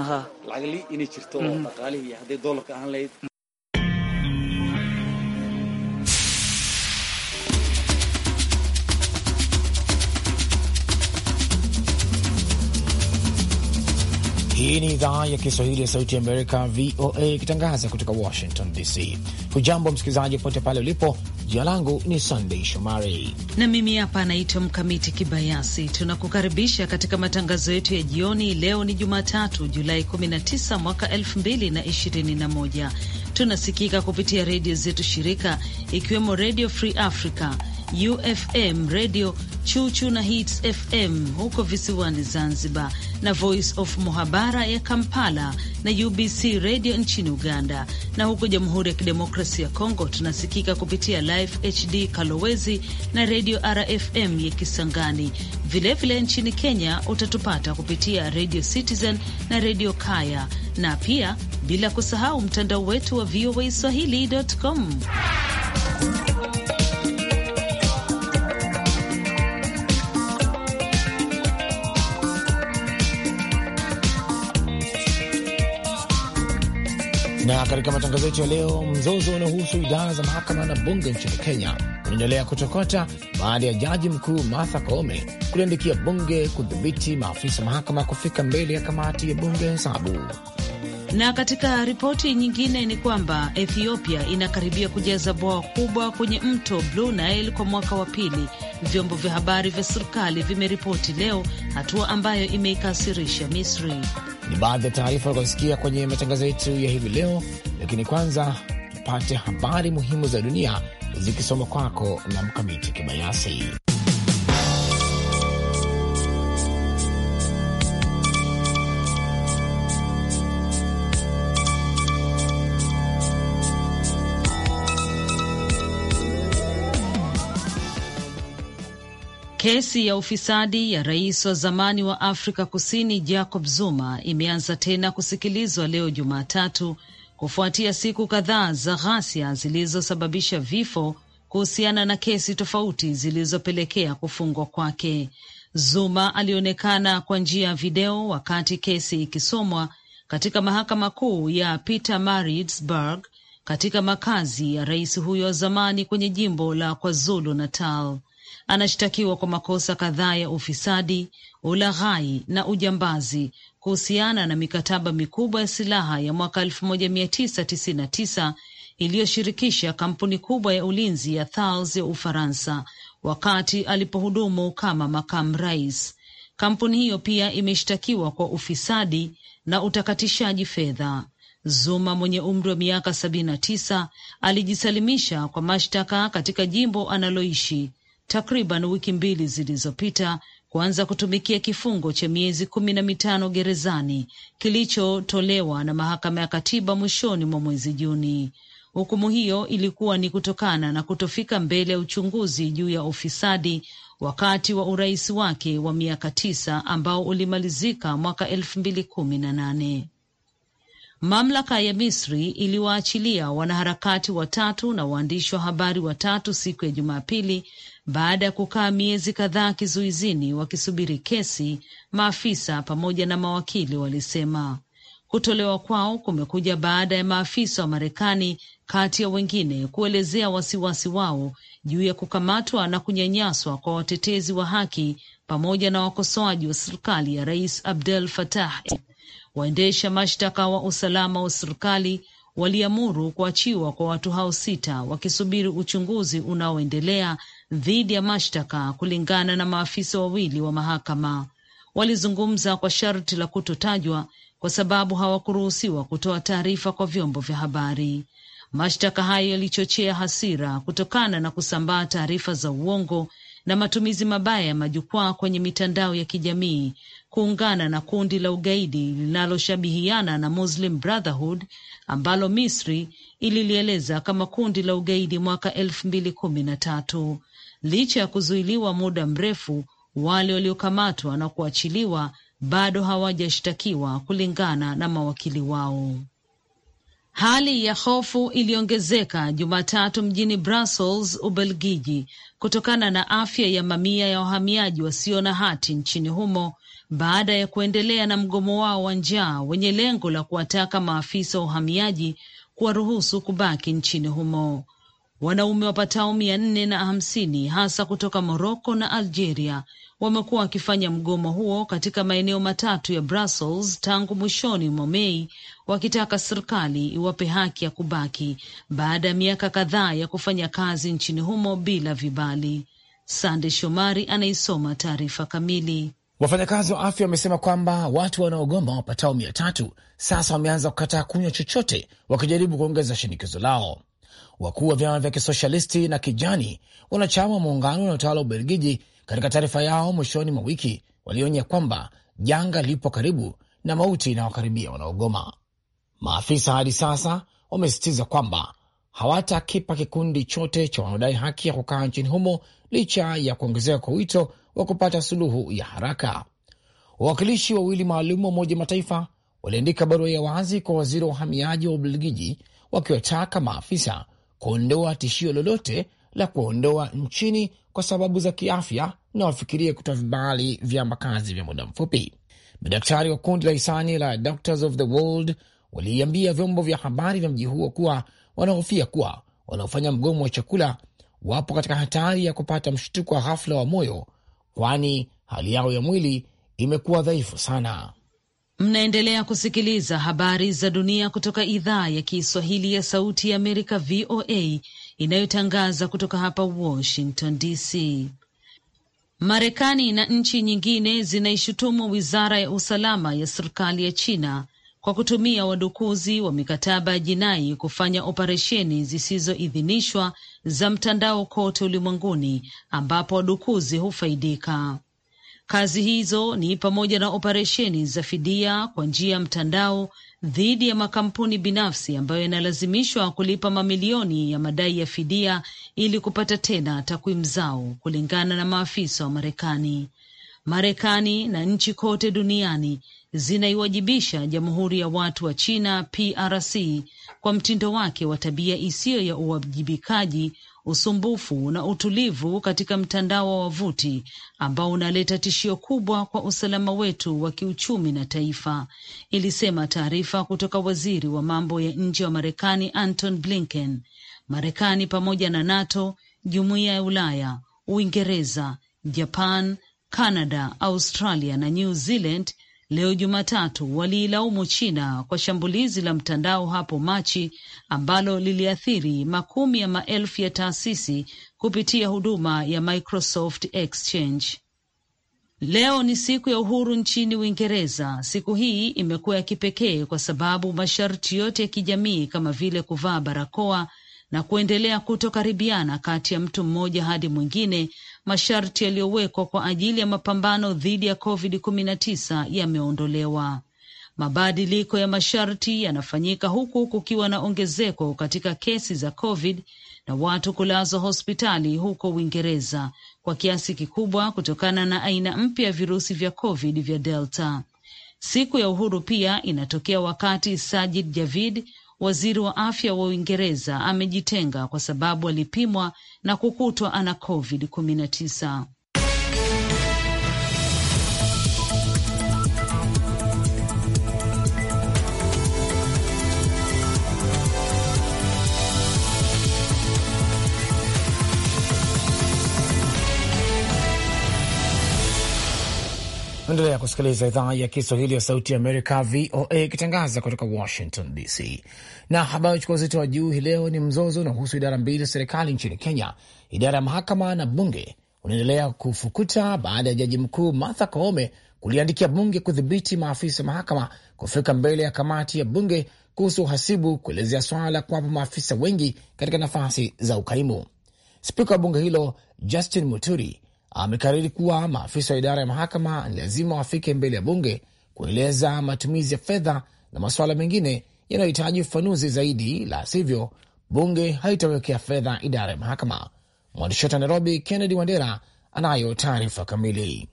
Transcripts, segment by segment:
lacagli inay jirto oo hadday ahaan lahayd Hii ni idhaa ya Kiswahili ya Sauti ya Amerika, VOA, ikitangaza kutoka Washington DC. Hujambo msikilizaji, popote pale ulipo. Jina langu ni Sandei Shomari na mimi hapa anaitwa Mkamiti Kibayasi. Tunakukaribisha katika matangazo yetu ya jioni. Leo ni Jumatatu, Julai 19 mwaka 2021. Tunasikika kupitia redio zetu shirika, ikiwemo Redio Free Africa UFM Radio Chuchu na Hits FM huko visiwani Zanzibar, na Voice of Muhabara ya Kampala na UBC Radio nchini Uganda. Na huko Jamhuri ya Kidemokrasi ya Kongo tunasikika kupitia life HD Kalowezi na Radio RFM ya Kisangani. Vilevile vile nchini Kenya utatupata kupitia Radio Citizen na Radio Kaya na pia bila kusahau mtandao wetu wa VOA Swahili.com. Na katika matangazo yetu ya leo, mzozo unaohusu idara za mahakama na bunge nchini Kenya unaendelea kutokota baada ya jaji mkuu Martha Koome kuliandikia bunge kudhibiti maafisa mahakama kufika mbele ya kamati ya bunge hesabu na katika ripoti nyingine ni kwamba Ethiopia inakaribia kujaza bwawa kubwa kwenye mto Blue Nile kwa mwaka wa pili vyombo vya habari vya serikali vimeripoti leo, hatua ambayo imeikasirisha Misri. Ni baadhi ya taarifa kusikia kwenye matangazo yetu ya hivi leo, lakini kwanza tupate habari muhimu za dunia zikisoma kwako na Mkamiti Kibayasi. Kesi ya ufisadi ya rais wa zamani wa Afrika Kusini Jacob Zuma imeanza tena kusikilizwa leo Jumatatu kufuatia siku kadhaa za ghasia zilizosababisha vifo kuhusiana na kesi tofauti zilizopelekea kufungwa kwake. Zuma alionekana kwa njia ya video wakati kesi ikisomwa katika mahakama kuu ya Pietermaritzburg katika makazi ya rais huyo wa zamani kwenye jimbo la KwaZulu Natal anashtakiwa kwa makosa kadhaa ya ufisadi, ulaghai na ujambazi kuhusiana na mikataba mikubwa ya silaha ya mwaka 1999 iliyoshirikisha kampuni kubwa ya ulinzi ya Thales ya Ufaransa wakati alipohudumu kama makamu rais. Kampuni hiyo pia imeshtakiwa kwa ufisadi na utakatishaji fedha. Zuma mwenye umri wa miaka 79 alijisalimisha kwa mashtaka katika jimbo analoishi takriban wiki mbili zilizopita kuanza kutumikia kifungo cha miezi kumi na mitano gerezani kilichotolewa na mahakama ya katiba mwishoni mwa mwezi Juni. Hukumu hiyo ilikuwa ni kutokana na kutofika mbele ya uchunguzi juu ya ufisadi wakati wa urais wake wa miaka tisa ambao ulimalizika mwaka elfu mbili kumi na nane. Mamlaka ya Misri iliwaachilia wanaharakati watatu na waandishi wa habari watatu siku ya Jumapili baada ya kukaa miezi kadhaa kizuizini wakisubiri kesi, maafisa pamoja na mawakili walisema. Kutolewa kwao kumekuja baada ya maafisa wa Marekani kati ya wengine kuelezea wasiwasi wao juu ya kukamatwa na kunyanyaswa kwa watetezi wa haki pamoja na wakosoaji wa serikali ya Rais Abdel Fattah. Waendesha mashtaka wa usalama wa serikali waliamuru kuachiwa kwa watu hao sita wakisubiri uchunguzi unaoendelea dhidi ya mashtaka, kulingana na maafisa wawili wa mahakama. Walizungumza kwa sharti la kutotajwa kwa sababu hawakuruhusiwa kutoa taarifa kwa vyombo vya habari. Mashtaka hayo yalichochea hasira kutokana na kusambaa taarifa za uongo na matumizi mabaya ya majukwaa kwenye mitandao ya kijamii kuungana na kundi la ugaidi linaloshabihiana na Muslim Brotherhood ambalo Misri ililieleza kama kundi la ugaidi mwaka elfu mbili kumi na tatu licha ya kuzuiliwa muda mrefu. Wale waliokamatwa na kuachiliwa bado hawajashtakiwa kulingana na mawakili wao. Hali ya hofu iliongezeka Jumatatu mjini Brussels, Ubelgiji, kutokana na afya ya mamia ya wahamiaji wasio na hati nchini humo baada ya kuendelea na mgomo wao wa njaa wenye lengo la kuwataka maafisa wa uhamiaji kuwaruhusu kubaki nchini humo. Wanaume wapatao mia nne na hamsini hasa kutoka Moroko na Algeria wamekuwa wakifanya mgomo huo katika maeneo matatu ya Brussels tangu mwishoni mwa Mei, wakitaka serikali iwape haki ya kubaki baada ya miaka kadhaa ya kufanya kazi nchini humo bila vibali. Sande Shomari anaisoma taarifa kamili. Wafanyakazi wa afya wamesema kwamba watu wanaogoma wapatao mia tatu sasa wameanza kukataa kunywa chochote, wakijaribu kuongeza shinikizo lao wakuu wa vyama vya kisoshalisti na kijani, wanachama wa muungano na utawala wa Ubelgiji, katika taarifa yao mwishoni mwa wiki walionya kwamba janga lipo karibu na mauti inawakaribia wanaogoma. Maafisa hadi sasa wamesisitiza kwamba hawatakipa kikundi chote cha wanaodai haki ya kukaa nchini humo licha ya kuongezeka kwa wito wa kupata suluhu ya haraka. Wawakilishi wawili maalum wa Umoja Mataifa waliandika barua ya wazi kwa waziri wa uhamiaji wa Ubelgiji wakiwataka maafisa kuondoa tishio lolote la kuondoa nchini kwa sababu za kiafya na wafikirie kutoa vibali vya makazi vya muda mfupi. Madaktari wa kundi la hisani la Doctors of the World waliiambia vyombo vya habari vya mji huo kuwa wanahofia kuwa wanaofanya mgomo wa chakula wapo katika hatari ya kupata mshtuko wa ghafla wa moyo, kwani hali yao ya mwili imekuwa dhaifu sana. Mnaendelea kusikiliza habari za dunia kutoka idhaa ya Kiswahili ya Sauti ya Amerika, VOA, inayotangaza kutoka hapa Washington DC. Marekani na nchi nyingine zinaishutumu wizara ya usalama ya serikali ya China kwa kutumia wadukuzi wa mikataba ya jinai kufanya operesheni zisizoidhinishwa za mtandao kote ulimwenguni ambapo wadukuzi hufaidika. Kazi hizo ni pamoja na operesheni za fidia kwa njia ya mtandao dhidi ya makampuni binafsi ambayo yanalazimishwa kulipa mamilioni ya madai ya fidia ili kupata tena takwimu zao, kulingana na maafisa wa Marekani. Marekani na nchi kote duniani zinaiwajibisha Jamhuri ya Watu wa China PRC kwa mtindo wake wa tabia isiyo ya uwajibikaji usumbufu na utulivu katika mtandao wa wavuti ambao unaleta tishio kubwa kwa usalama wetu wa kiuchumi na taifa, ilisema taarifa kutoka waziri wa mambo ya nje wa Marekani Anton Blinken. Marekani pamoja na NATO, jumuiya ya Ulaya, Uingereza, Japan, Canada, Australia na New Zealand leo Jumatatu waliilaumu China kwa shambulizi la mtandao hapo Machi ambalo liliathiri makumi ya maelfu ya taasisi kupitia huduma ya Microsoft Exchange. Leo ni siku ya uhuru nchini Uingereza. Siku hii imekuwa ya kipekee kwa sababu masharti yote ya kijamii kama vile kuvaa barakoa na kuendelea kutokaribiana kati ya mtu mmoja hadi mwingine masharti yaliyowekwa kwa ajili ya mapambano dhidi ya COVID-19 yameondolewa. Mabadiliko ya masharti yanafanyika huku kukiwa na ongezeko katika kesi za COVID na watu kulazwa hospitali huko Uingereza kwa kiasi kikubwa kutokana na aina mpya ya virusi vya COVID vya Delta. Siku ya uhuru pia inatokea wakati Sajid Javid, Waziri wa afya wa Uingereza amejitenga kwa sababu alipimwa na kukutwa ana covid kumi Endelea kusikiliza idhaa ya Kiswahili ya Sauti ya Amerika, VOA, ikitangaza kutoka Washington DC. Na habari uchukua uzito wa juu hii leo ni mzozo unaohusu idara mbili za serikali nchini Kenya, idara ya mahakama na bunge, unaendelea kufukuta baada ya jaji mkuu Martha Koome kuliandikia bunge kudhibiti maafisa mahakama kufika mbele ya kamati ya bunge kuhusu uhasibu kuelezea swala la kuwapa maafisa wengi katika nafasi za ukaimu. Spika wa bunge hilo Justin Muturi amekariri kuwa maafisa wa idara ya mahakama ni lazima wafike mbele ya bunge kueleza matumizi ya fedha na masuala mengine yanayohitaji ufafanuzi zaidi, la sivyo bunge haitawekea fedha idara ya mahakama. Mwandishi wetu wa Nairobi, Kennedy Wandera, anayo taarifa kamili.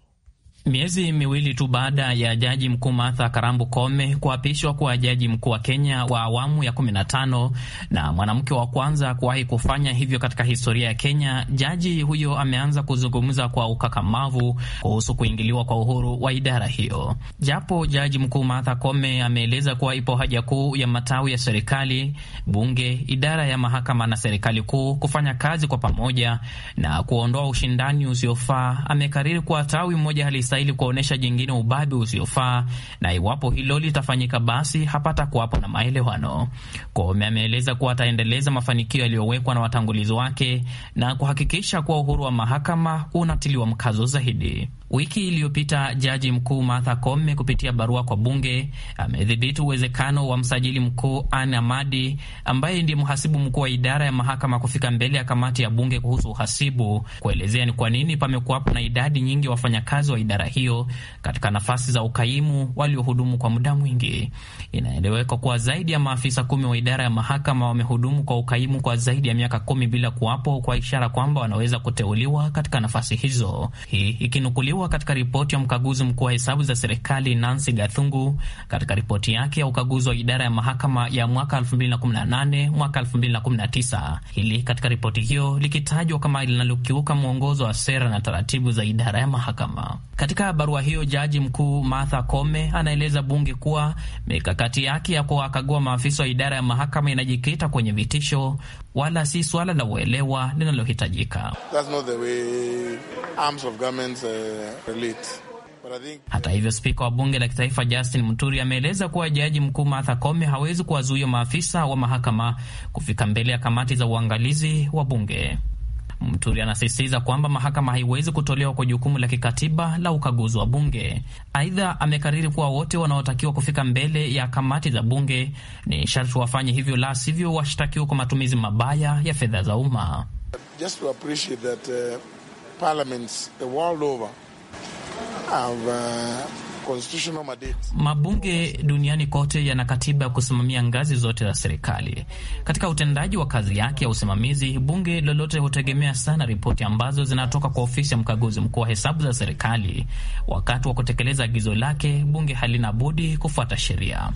Miezi miwili tu baada ya jaji mkuu Martha Karambu Kome kuapishwa kuwa jaji mkuu wa Kenya wa awamu ya 15 na mwanamke wa kwanza kuwahi kufanya hivyo katika historia ya Kenya, jaji huyo ameanza kuzungumza kwa ukakamavu kuhusu kuingiliwa kwa uhuru wa idara hiyo. Japo jaji mkuu Martha Kome ameeleza kuwa ipo haja kuu ya matawi ya serikali, bunge, idara ya mahakama na serikali kuu kufanya kazi kwa pamoja na kuondoa ushindani usiofaa, amekariri kuwa tawi mmoja halisi hastahili kuwaonyesha jingine ubabe usiofaa, na iwapo hilo litafanyika, basi hapata kuwapo na maelewano. Koome ameeleza kuwa ataendeleza mafanikio yaliyowekwa na watangulizi wake na kuhakikisha kuwa uhuru wa mahakama unatiliwa mkazo zaidi. Wiki iliyopita jaji mkuu Martha Koome kupitia barua kwa bunge amedhibiti uwezekano wa msajili mkuu Anne Amadi ambaye ndiye mhasibu mkuu wa idara ya mahakama kufika mbele ya kamati ya bunge kuhusu uhasibu kuelezea ni kwa nini pamekuwapo na idadi nyingi ya wafanyakazi wa idara wizara hiyo katika nafasi za ukaimu waliohudumu kwa muda mwingi. Inaeleweka kuwa zaidi ya maafisa kumi wa idara ya mahakama wamehudumu kwa ukaimu kwa zaidi ya miaka kumi bila kuwapo, kwa ishara kwamba wanaweza kuteuliwa katika nafasi hizo. Hii ikinukuliwa katika ripoti ya mkaguzi mkuu wa hesabu za serikali Nancy Gathungu katika ripoti yake ya ukaguzi wa idara ya mahakama ya mwaka 2018 mwaka 2019, hili katika ripoti hiyo likitajwa kama linalokiuka mwongozo wa sera na taratibu za idara ya mahakama. Katika barua hiyo, jaji mkuu Martha Koome anaeleza bunge kuwa mikakati yake ya kuwakagua maafisa wa idara ya mahakama inajikita kwenye vitisho wala si swala la uelewa linalohitajika. Uh, Hata hivyo spika wa bunge la kitaifa Justin Muturi ameeleza kuwa jaji mkuu Martha Koome hawezi kuwazuia maafisa wa mahakama kufika mbele ya kamati za uangalizi wa bunge. Mturi anasisitiza kwamba mahakama haiwezi kutolewa kwa jukumu la kikatiba la ukaguzi wa bunge. Aidha, amekariri kuwa wote wanaotakiwa kufika mbele ya kamati za bunge ni sharti wafanye hivyo, la sivyo washtakiwa kwa matumizi mabaya ya fedha za umma. Mabunge duniani kote yana katiba ya kusimamia ngazi zote za serikali. Katika utendaji wa kazi yake ya usimamizi, bunge lolote hutegemea sana ripoti ambazo zinatoka kwa ofisi ya mkaguzi mkuu wa hesabu za serikali. Wakati wa kutekeleza agizo lake, bunge halina budi kufuata sheria.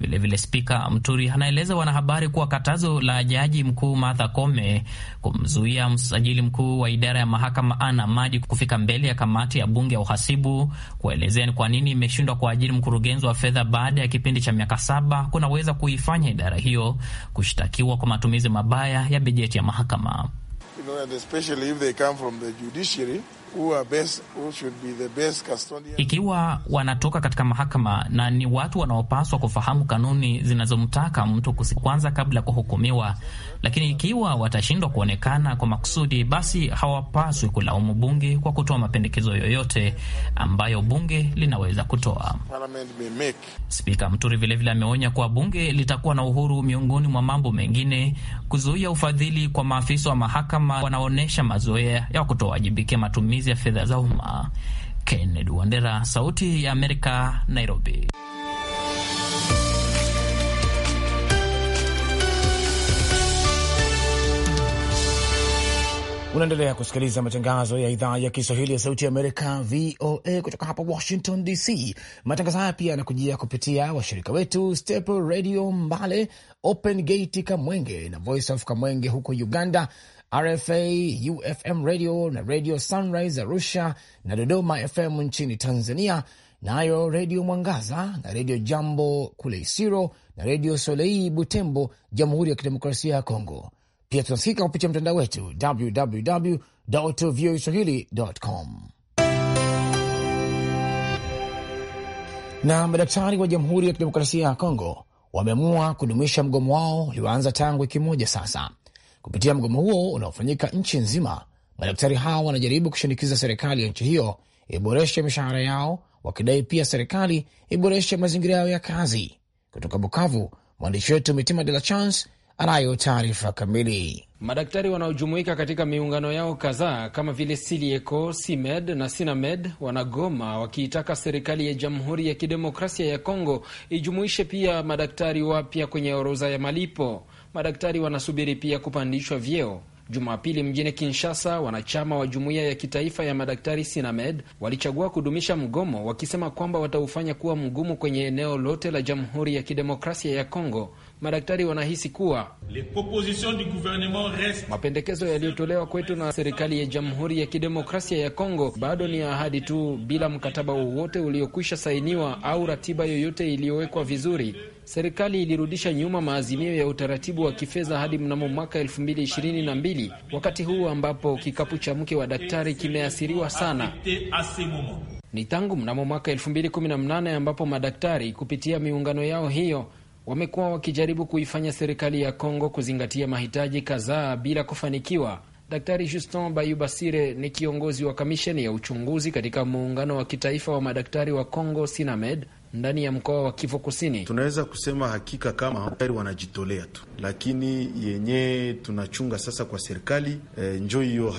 Vilevile Spika Mturi anaeleza wanahabari kuwa katazo la jaji mkuu Martha Koome kumzuia msajili mkuu wa idara ya mahakama Ana maji kufika mbele ya kamati ya bunge ya uhasibu kuelezea ni kwa nini imeshindwa kuajiri mkurugenzi wa fedha baada ya kipindi cha miaka saba kunaweza kuifanya idara hiyo kushtakiwa kwa matumizi mabaya ya bajeti ya mahakama you know, ikiwa wanatoka katika mahakama na ni watu wanaopaswa kufahamu kanuni zinazomtaka mtu kusikwanza kabla ya kuhukumiwa, lakini ikiwa watashindwa kuonekana kwa makusudi, basi hawapaswi kulaumu bunge kwa kutoa mapendekezo yoyote ambayo bunge linaweza kutoa. Spika Mturi vilevile ameonya kuwa bunge litakuwa na uhuru, miongoni mwa mambo mengine, kuzuia ufadhili kwa maafisa wa mahakama wanaonyesha mazoea ya kutowajibika matumizi matumizi ya fedha za umma. Kennedy Wandera, Sauti ya Amerika, Nairobi. Unaendelea kusikiliza matangazo ya idhaa ya Kiswahili ya Sauti ya Amerika, VOA, kutoka hapa Washington DC. Matangazo haya pia yanakujia kupitia washirika wetu Step Radio Mbale, Open Gate Kamwenge na Voice of Kamwenge huko Uganda, RFA, UFM radio na Radio Sunrise Arusha na Dodoma FM nchini Tanzania, nayo na Redio Mwangaza na Redio Jambo kule Isiro na Redio Solei Butembo, Jamhuri ya Kidemokrasia ya Kongo. Pia tunasikika kupitia mtandao wetu www voa swahili com na madaktari wa Jamhuri ya Kidemokrasia ya Kongo wameamua kudumisha mgomo wao ulioanza tangu wiki moja sasa Kupitia mgomo huo unaofanyika nchi nzima, madaktari hao wanajaribu kushinikiza serikali ya nchi hiyo iboreshe mishahara yao, wakidai pia serikali iboreshe mazingira yao ya kazi. Kutoka Bukavu, mwandishi wetu Mitima De La Chance anayo taarifa kamili. Madaktari wanaojumuika katika miungano yao kadhaa kama vile Silieko, Simed na Sinamed wanagoma wakiitaka serikali ya Jamhuri ya Kidemokrasia ya Kongo ijumuishe pia madaktari wapya kwenye orodha ya malipo. Madaktari wanasubiri pia kupandishwa vyeo. Jumapili mjini Kinshasa, wanachama wa jumuiya ya kitaifa ya madaktari Sinamed walichagua kudumisha mgomo, wakisema kwamba wataufanya kuwa mgumu kwenye eneo lote la Jamhuri ya Kidemokrasia ya Kongo madaktari wanahisi kuwa mapendekezo yaliyotolewa kwetu na serikali ya Jamhuri ya Kidemokrasia ya Kongo bado ni ahadi tu bila mkataba wowote uliokwisha sainiwa au ratiba yoyote iliyowekwa vizuri. Serikali ilirudisha nyuma maazimio ya utaratibu wa kifedha hadi mnamo mwaka 2022 wakati huu ambapo kikapu cha mke wa daktari kimeathiriwa sana. Ni tangu mnamo mwaka 2018 ambapo madaktari kupitia miungano yao hiyo wamekuwa wakijaribu kuifanya serikali ya Kongo kuzingatia mahitaji kadhaa bila kufanikiwa. Daktari Justin Bayubasire ni kiongozi wa kamisheni ya uchunguzi katika muungano wa kitaifa wa madaktari wa Kongo Sinamed ndani ya mkoa wa Kivu Kusini. Tunaweza kusema hakika kama daktari wanajitolea tu, lakini yenyewe tunachunga sasa kwa serikali e, eh, njo hiyo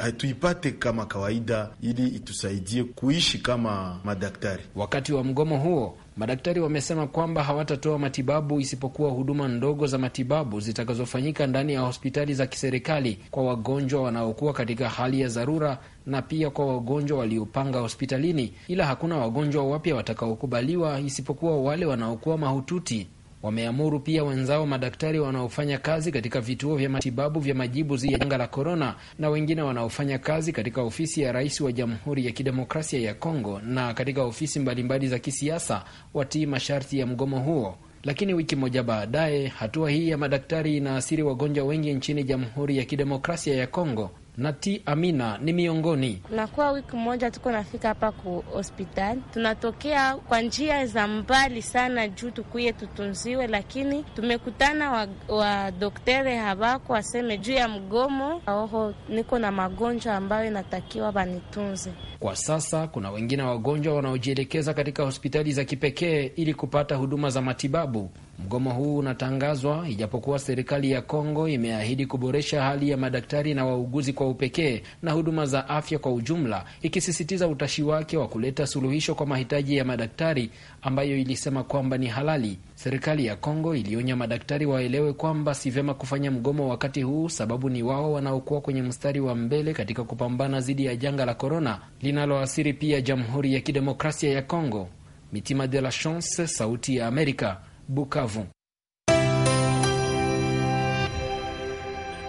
hatuipate kama kawaida, ili itusaidie kuishi kama madaktari. Wakati wa mgomo huo Madaktari wamesema kwamba hawatatoa matibabu isipokuwa huduma ndogo za matibabu zitakazofanyika ndani ya hospitali za kiserikali kwa wagonjwa wanaokuwa katika hali ya dharura na pia kwa wagonjwa waliopanga hospitalini, ila hakuna wagonjwa wapya watakaokubaliwa isipokuwa wale wanaokuwa mahututi. Wameamuru pia wenzao madaktari wanaofanya kazi katika vituo vya matibabu vya majibu dhidi ya janga la korona na wengine wanaofanya kazi katika ofisi ya rais wa Jamhuri ya Kidemokrasia ya Kongo na katika ofisi mbalimbali za kisiasa watii masharti ya mgomo huo. Lakini wiki moja baadaye, hatua hii ya madaktari inaathiri wagonjwa wengi nchini Jamhuri ya Kidemokrasia ya Kongo Nati Amina ni miongoni. Tunakuwa wiki moja tuko nafika hapa ku hospitali, tunatokea kwa njia za mbali sana juu tukuye tutunziwe, lakini tumekutana wadokteri wa habako waseme juu ya mgomo. Oho, niko na magonjwa ambayo inatakiwa banitunze kwa sasa. Kuna wengine wagonjwa wanaojielekeza katika hospitali za kipekee ili kupata huduma za matibabu. Mgomo huu unatangazwa ijapokuwa serikali ya Kongo imeahidi kuboresha hali ya madaktari na wauguzi kwa upekee na huduma za afya kwa ujumla, ikisisitiza utashi wake wa kuleta suluhisho kwa mahitaji ya madaktari ambayo ilisema kwamba ni halali. Serikali ya Kongo ilionya madaktari waelewe kwamba si vyema kufanya mgomo wakati huu, sababu ni wao wanaokuwa kwenye mstari wa mbele katika kupambana dhidi ya janga la korona linaloathiri pia Jamhuri ya Kidemokrasia ya Kongo. Mitima de la Chance, Sauti ya Amerika, Bukavu.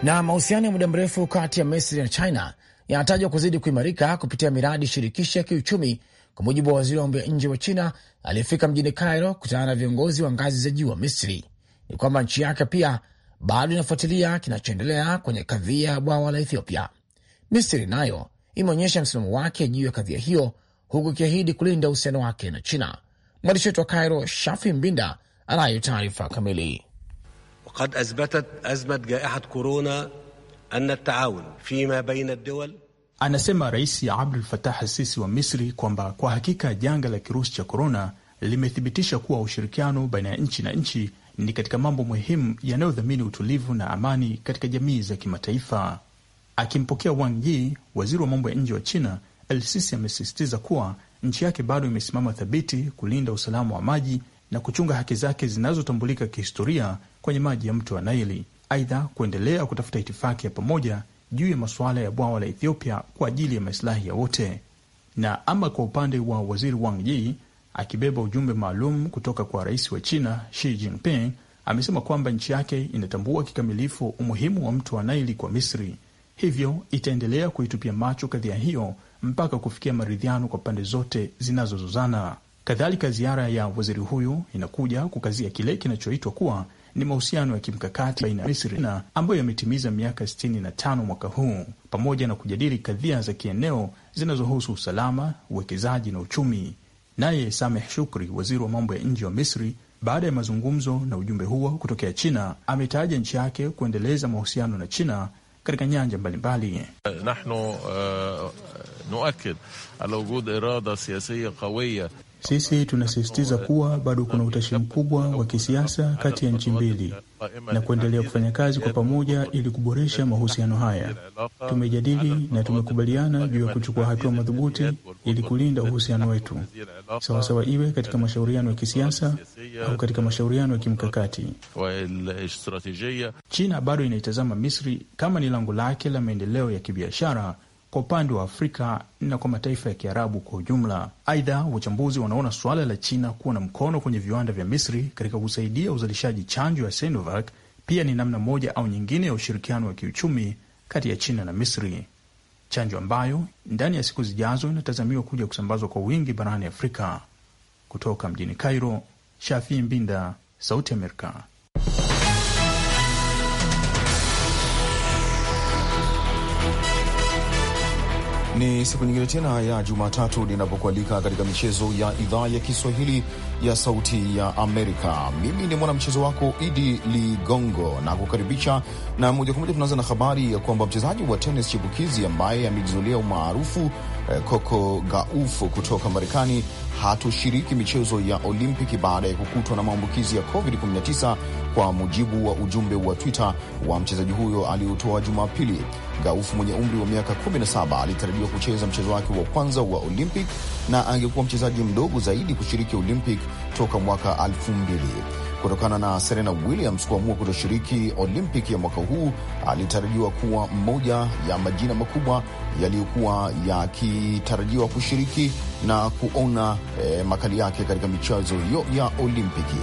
Na mahusiano ya muda mrefu kati ya Misri na China yanatajwa kuzidi kuimarika kupitia miradi shirikishi ya kiuchumi, kwa mujibu wa waziri wa mambo ya nje wa China aliyefika mjini Cairo kutana na viongozi wa ngazi za juu wa Misri. Ni kwamba nchi yake pia bado inafuatilia kinachoendelea kwenye kadhia ya bwawa la Ethiopia. Misri nayo imeonyesha msimamo wake juu ya kadhia hiyo, huku ikiahidi kulinda uhusiano wake na China. Mwandishi wetu wa Cairo, Shafi Mbinda, anayo taarifa kamili. wakad azbatat azmat jaihat korona ana taawun fima baina dawal Anasema Rais Abdul Fatah Sisi wa Misri kwamba kwa hakika janga la kirusi cha korona limethibitisha kuwa ushirikiano baina ya nchi na nchi ni katika mambo muhimu yanayodhamini utulivu na amani katika jamii za kimataifa. Akimpokea Wang Yi, waziri wa mambo ya nje wa China, El Sisi amesisitiza kuwa nchi yake bado imesimama thabiti kulinda usalama wa maji na kuchunga haki zake zinazotambulika kihistoria kwenye maji ya mto wa Naili. Aidha, kuendelea kutafuta itifaki ya pamoja juu ya masuala ya bwawa la Ethiopia kwa ajili ya masilahi ya wote. Na ama kwa upande wa waziri Wang Yi, akibeba ujumbe maalum kutoka kwa rais wa China Xi Jinping, amesema kwamba nchi yake inatambua kikamilifu umuhimu wa mto wa Naili kwa Misri, hivyo itaendelea kuitupia macho kadhia hiyo mpaka kufikia maridhiano kwa pande zote zinazozozana. Kadhalika, ziara ya waziri huyu inakuja kukazia kile kinachoitwa kuwa ni mahusiano ya kimkakati baina ya Misri na ambayo yametimiza miaka 65 mwaka huu, pamoja na kujadili kadhia za kieneo zinazohusu usalama, uwekezaji na uchumi. Naye Sameh Shukri, waziri wa mambo ya nje wa Misri, baada ya mazungumzo na ujumbe huo kutokea China, ametaja nchi yake kuendeleza mahusiano na China katika nyanja mbalimbali. Eh, nahnu eh, nuakid ala wujud irada siyasia qawiya sisi tunasisitiza kuwa bado kuna utashi mkubwa wa kisiasa kati ya nchi mbili na kuendelea kufanya kazi kwa pamoja ili kuboresha mahusiano haya. Tumejadili na tumekubaliana juu ya kuchukua hatua madhubuti ili kulinda uhusiano wetu, sawasawa iwe katika mashauriano ya kisiasa au katika mashauriano ya kimkakati. China bado inaitazama Misri kama ni lango lake la maendeleo ya kibiashara kwa upande wa Afrika na kwa mataifa ya Kiarabu kwa ujumla. Aidha, wachambuzi wanaona suala la China kuwa na mkono kwenye viwanda vya Misri katika kusaidia uzalishaji chanjo ya Sinovac pia ni namna moja au nyingine ya ushirikiano wa kiuchumi kati ya China na Misri, chanjo ambayo ndani ya siku zijazo inatazamiwa kuja kusambazwa kwa wingi barani Afrika. Kutoka mjini Cairo, Shafii Mbinda, Sauti Amerika. Ni siku nyingine tena ya Jumatatu ninapokualika katika michezo ya idhaa ya Kiswahili ya Sauti ya Amerika. Mimi ni mwanamchezo wako Idi Ligongo na kukaribisha, na moja kwa moja tunaanza na habari ya kwamba mchezaji wa tenis chipukizi ambaye amejizolea umaarufu koko eh, Coco Gauff kutoka Marekani hatoshiriki michezo ya Olimpiki baada ya kukutwa na maambukizi ya COVID-19 kwa mujibu wa ujumbe wa Twitter wa mchezaji huyo aliotoa Jumapili. Gaufu mwenye umri wa miaka 17 alitarajiwa kucheza mchezo wake wa kwanza wa Olympic na angekuwa mchezaji mdogo zaidi kushiriki Olimpiki toka mwaka 2000 Kutokana na Serena Williams kuamua kutoshiriki Olimpiki ya mwaka huu, alitarajiwa kuwa mmoja ya majina makubwa yaliyokuwa yakitarajiwa kushiriki na kuona eh, makali yake katika michezo hiyo ya Olimpiki.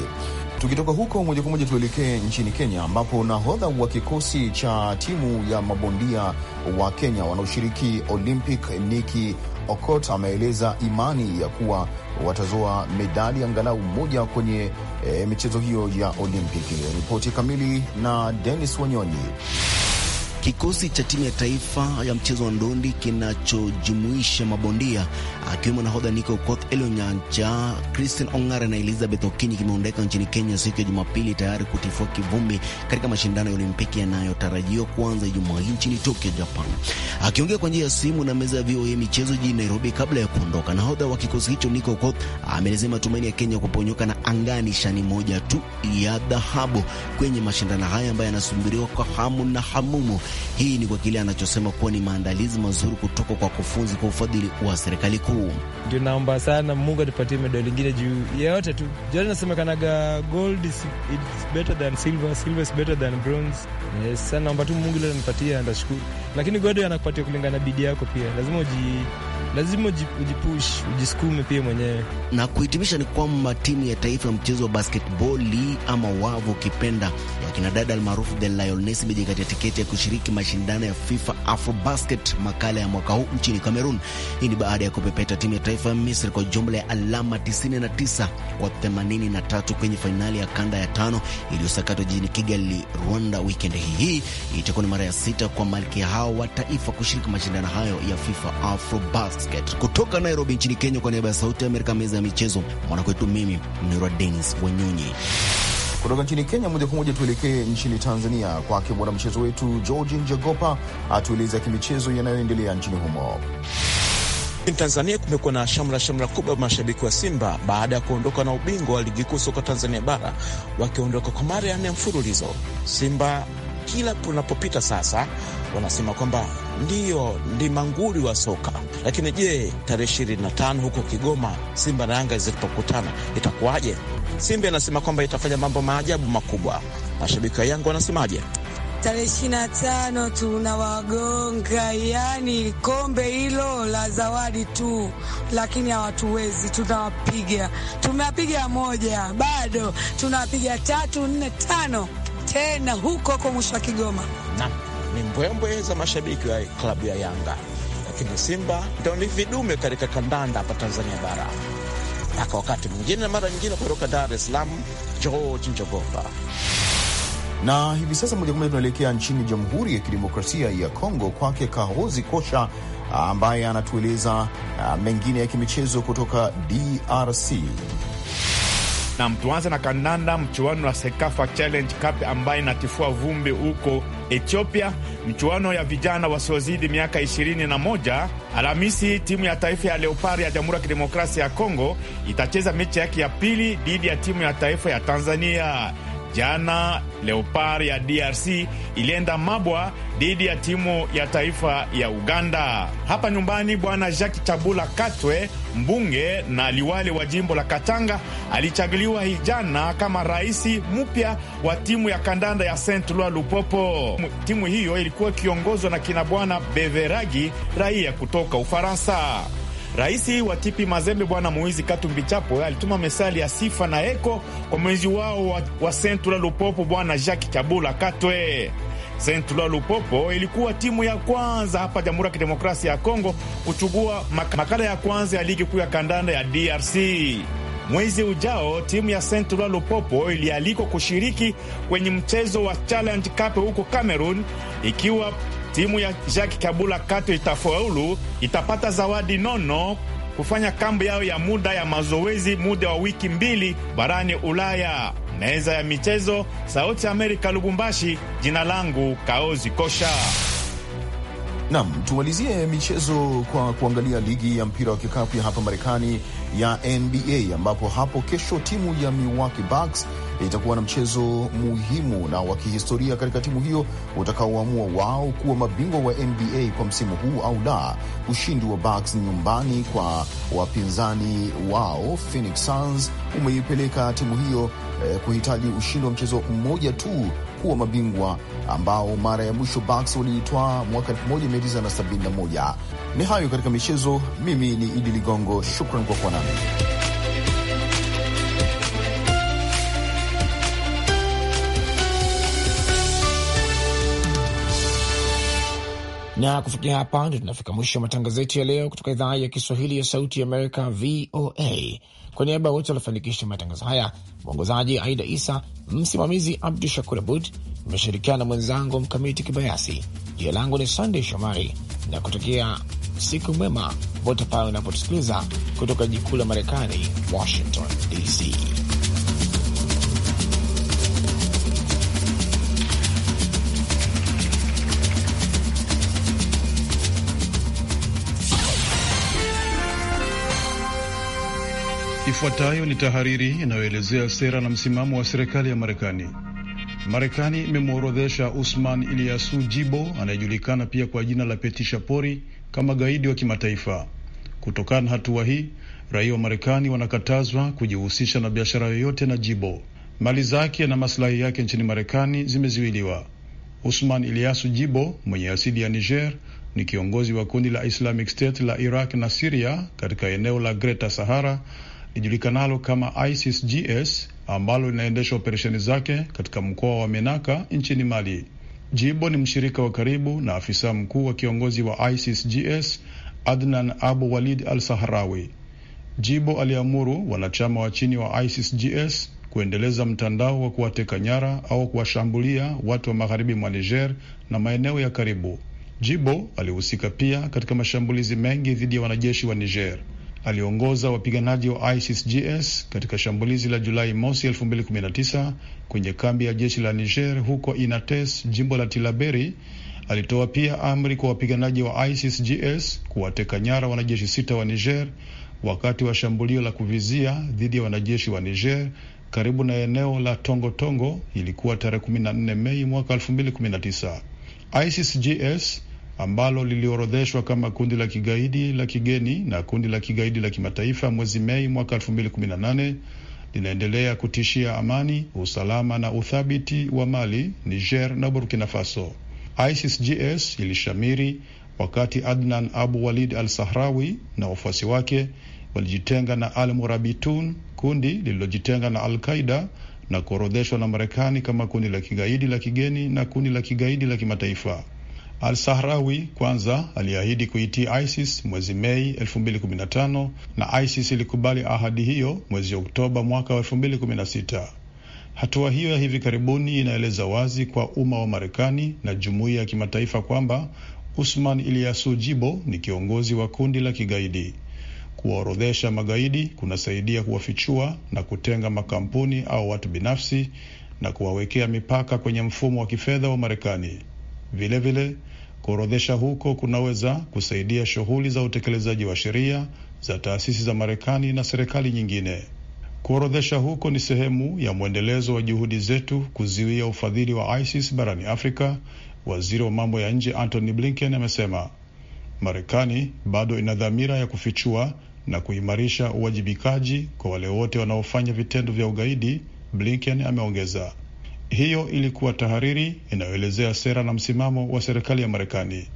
Tukitoka huko moja kwa moja tuelekee nchini Kenya, ambapo nahodha wa kikosi cha timu ya mabondia wa Kenya wanaoshiriki Olympic Niki Okot ameeleza imani ya kuwa watazoa medali angalau moja kwenye e, michezo hiyo ya Olimpiki. Ripoti kamili na Denis Wanyonyi. Kikosi cha timu ya taifa ya mchezo wa ndondi kinachojumuisha mabondia akiwemo nahodha Nico Koth, Elionyancha, Christian Ongare na Elizabeth Okinyi kimeondoka nchini Kenya siku ya Jumapili tayari kutifua kivumbi katika mashindano ya Olimpiki yanayotarajiwa kuanza Ijumaa hii nchini Tokyo, Japan. Akiongea kwa njia ya simu na meza ya VOA michezo jijini Nairobi kabla ya kuondoka, nahodha wa kikosi hicho Nico Koth ameelezea matumaini ya Kenya kuponyoka na angani shani moja tu ya dhahabu kwenye mashindano haya ambayo yanasubiriwa kwa hamu na hamumu. Hii ni kwa kile anachosema kuwa ni maandalizi mazuri kutoka kwa kufunzi kwa ufadhili wa serikali kuu huu. Ndio naomba sana Mungu atupatie medali lingine juu yeyote tu. Jua nasemekanaga gold is, is better than silver, silver is better than bronze. Yes, sana naomba tu Mungu leo anipatie, ndashukuru. Lakini God anakupatia kulingana bidii yako pia, lazima uji lazima ujipush, ujisukume pia mwenyewe. Na kuhitimisha ni kwamba timu ya taifa ya mchezo wa basketboli ama wavu ukipenda ya kina dada almaarufu the Lioness imejikatia tiketi ya kushiriki mashindano ya FIFA Afrobasket makala ya mwaka huu nchini Cameroon. Hii ni baada ya kupepeta timu ya taifa ya Misri kwa jumla ya alama 99 kwa 83 kwenye fainali ya kanda ya tano iliyosakatwa jijini Kigali, Rwanda wikendi hii. Hii itakuwa ni mara ya sita kwa malkia hao wa taifa kushiriki mashindano hayo ya FIFA Afrobasket. Basket kutoka Nairobi nchini Kenya. Kwa niaba ya Sauti ya Amerika, meza ya michezo, mwanakwetu mimi Mnerwa Denis Wanyonyi kutoka nchini Kenya. Moja kwa moja tuelekee nchini Tanzania, kwake mwanamchezo wetu George Njogopa atueleza kimichezo yanayoendelea nchini humo. Tanzania kumekuwa na shamra shamra kubwa mashabiki wa Simba baada ya kuondoka na ubingwa wa ligi kuu soka Tanzania bara wakiondoka kwa mara ya nne mfululizo. Simba kila kunapopita sasa wanasema kwamba ndiyo ndi nguli wa soka. Lakini je, tarehe 25 huko Kigoma, Simba na Yanga zitapokutana itakuwaje? Simba inasema kwamba itafanya mambo maajabu makubwa. Mashabiki wa Yanga wanasemaje? Tarehe ishirini na tano tunawagonga, yani kombe hilo la zawadi tu, lakini hawatuwezi. Tunawapiga, tumewapiga moja, bado tunawapiga tatu, nne, tano tena huko kwa mwisho wa Kigoma. Naam, ni mbwembwe za mashabiki wa klabu ya Yanga, lakini Simba ndio ni vidume katika kandanda hapa Tanzania bara mpaka wakati mwingine na mara nyingine. Kutoka Dar es Salaam, George Njogopa. Na hivi sasa moja kwa moja tunaelekea nchini Jamhuri ya Kidemokrasia ya Kongo, kwake Kahozi Kosha ambaye anatueleza ah, mengine ya kimichezo kutoka DRC na mtuanze na kandanda, mchuano wa Sekafa Challenge Cup ambaye inatifua vumbi huko Ethiopia, mchuano ya vijana wasiozidi miaka na moja. Alhamisi timu ya taifa ya Leopard ya Jamhuri ya Kidemokrasia ya Kongo itacheza mechi yake ya pili dhidi ya timu ya taifa ya Tanzania. Jana Leopard ya DRC ilienda mabwa dhidi ya timu ya taifa ya Uganda. Hapa nyumbani, bwana Jacques Chabula Katwe, mbunge na liwali wa jimbo la Katanga, alichaguliwa hii jana kama rais mpya wa timu ya kandanda ya Saint Eloi Lupopo. Timu hiyo ilikuwa ikiongozwa na kina bwana Beveragi, raia kutoka Ufaransa. Rais wa Tipi Mazembe Bwana Moizi Katumbi Chapo alituma mesali ya sifa na eko kwa mwenzi wao wa, wa Sentula Lupopo Bwana Jacques chabula Katwe. Sentula Lupopo ilikuwa timu ya kwanza hapa Jamhuri ya Kidemokrasia ya Kongo kuchukua makala ya kwanza ya ligi kuu ya kandanda ya DRC. Mwezi ujao timu ya Sentula Lupopo ilialikwa kushiriki kwenye mchezo wa Challenge Cup huko Cameroon ikiwa timu ya Jacques Kabula Kato itafaulu, itapata zawadi nono kufanya kambi yao ya muda ya mazoezi muda wa wiki mbili barani Ulaya. Meza ya michezo, Sauti ya Amerika, Lubumbashi. Jina langu Kaozi Kosha. Nam, tumalizie michezo kwa kuangalia ligi ya mpira wa kikapu ya hapa Marekani ya NBA, ambapo hapo kesho timu ya Milwaukee Bucks itakuwa na mchezo muhimu na wa kihistoria katika timu hiyo utakaoamua wao kuwa mabingwa wa NBA kwa msimu huu au la. Ushindi wa Bucks nyumbani kwa wapinzani wao Phoenix Suns umeipeleka timu hiyo eh, kuhitaji ushindi wa mchezo mmoja tu kuwa mabingwa ambao mara ya mwisho Bucks waliitwaa mwaka 1971. Ni hayo katika michezo. Mimi ni Idi Ligongo, shukran kwa kuwa nami. Na kufikia hapa ndio tunafika mwisho wa matangazo yetu ya leo kutoka idhaa ya Kiswahili ya Sauti ya Amerika, VOA. Kwa niaba ya wote waliofanikisha matangazo haya, mwongozaji Aida Isa, msimamizi Abdu Shakur Abud, imeshirikiana na mwenzangu Mkamiti Kibayasi. Jina langu ni Sandey Shomari na kutokea siku mwema popote pale unapotusikiliza kutoka jikuu la Marekani, Washington DC. Ifuatayo ni tahariri inayoelezea sera na msimamo wa serikali ya Marekani. Marekani imemworodhesha Usman Ilyasu Jibo anayejulikana pia kwa jina la Petisha Pori kama gaidi wa kimataifa. Kutokana na hatua hii, raia wa Marekani wanakatazwa kujihusisha na biashara yoyote na Jibo. Mali zake na masilahi yake nchini Marekani zimezuiliwa. Usman iliasu Jibo mwenye asili ya Niger ni kiongozi wa kundi la Islamic State la Iraq na Siria katika eneo la Greta Sahara lijulikanalo kama ISIS-GS ambalo linaendesha operesheni zake katika mkoa wa Menaka nchini Mali. Jibo ni mshirika wa karibu na afisa mkuu wa kiongozi wa ISIS-GS Adnan Abu Walid al-Sahrawi. Jibo aliamuru wanachama wa chini wa ISIS-GS kuendeleza mtandao wa kuwateka nyara au kuwashambulia watu wa magharibi mwa Niger na maeneo ya karibu. Jibo alihusika pia katika mashambulizi mengi dhidi ya wanajeshi wa Niger aliongoza wapiganaji wa ISIS-GS katika shambulizi la Julai mosi 2019 kwenye kambi ya jeshi la Niger huko Inates, jimbo la Tilaberi. Alitoa pia amri kwa wapiganaji wa ISIS-GS kuwateka nyara wanajeshi sita wa Niger wakati wa shambulio la kuvizia dhidi ya wanajeshi wa Niger karibu na eneo la Tongotongo. Ilikuwa tarehe 14 Mei mwaka 2019. ISIS-GS ambalo liliorodheshwa kama kundi la kigaidi la kigeni na kundi la kigaidi la kimataifa mwezi Mei mwaka 2018 linaendelea kutishia amani, usalama na uthabiti wa Mali, Niger na Burkina Faso. ISIS-GS ilishamiri wakati Adnan Abu Walid al-Sahrawi na wafuasi wake walijitenga na Al-Murabitun, kundi lililojitenga na Al-Qaida na kuorodheshwa na Marekani kama kundi la kigaidi la kigeni na kundi la kigaidi la kimataifa. Al Sahrawi kwanza aliahidi kuitii ISIS mwezi Mei 2015 na ISIS ilikubali ahadi hiyo mwezi Oktoba mwaka wa 2016. Hatua hiyo ya hivi karibuni inaeleza wazi kwa umma wa Marekani na jumuiya ya kimataifa kwamba Usman Iliasu Jibo ni kiongozi wa kundi la kigaidi. Kuwaorodhesha magaidi kunasaidia kuwafichua na kutenga makampuni au watu binafsi na kuwawekea mipaka kwenye mfumo wa kifedha wa Marekani vile vile kuorodhesha huko kunaweza kusaidia shughuli za utekelezaji wa sheria za taasisi za Marekani na serikali nyingine. Kuorodhesha huko ni sehemu ya mwendelezo wa juhudi zetu kuzuia ufadhili wa ISIS barani Afrika, waziri wa mambo ya nje Antony Blinken amesema. Marekani bado ina dhamira ya kufichua na kuimarisha uwajibikaji kwa wale wote wanaofanya vitendo vya ugaidi, Blinken ameongeza. Hiyo ilikuwa tahariri inayoelezea sera na msimamo wa serikali ya Marekani.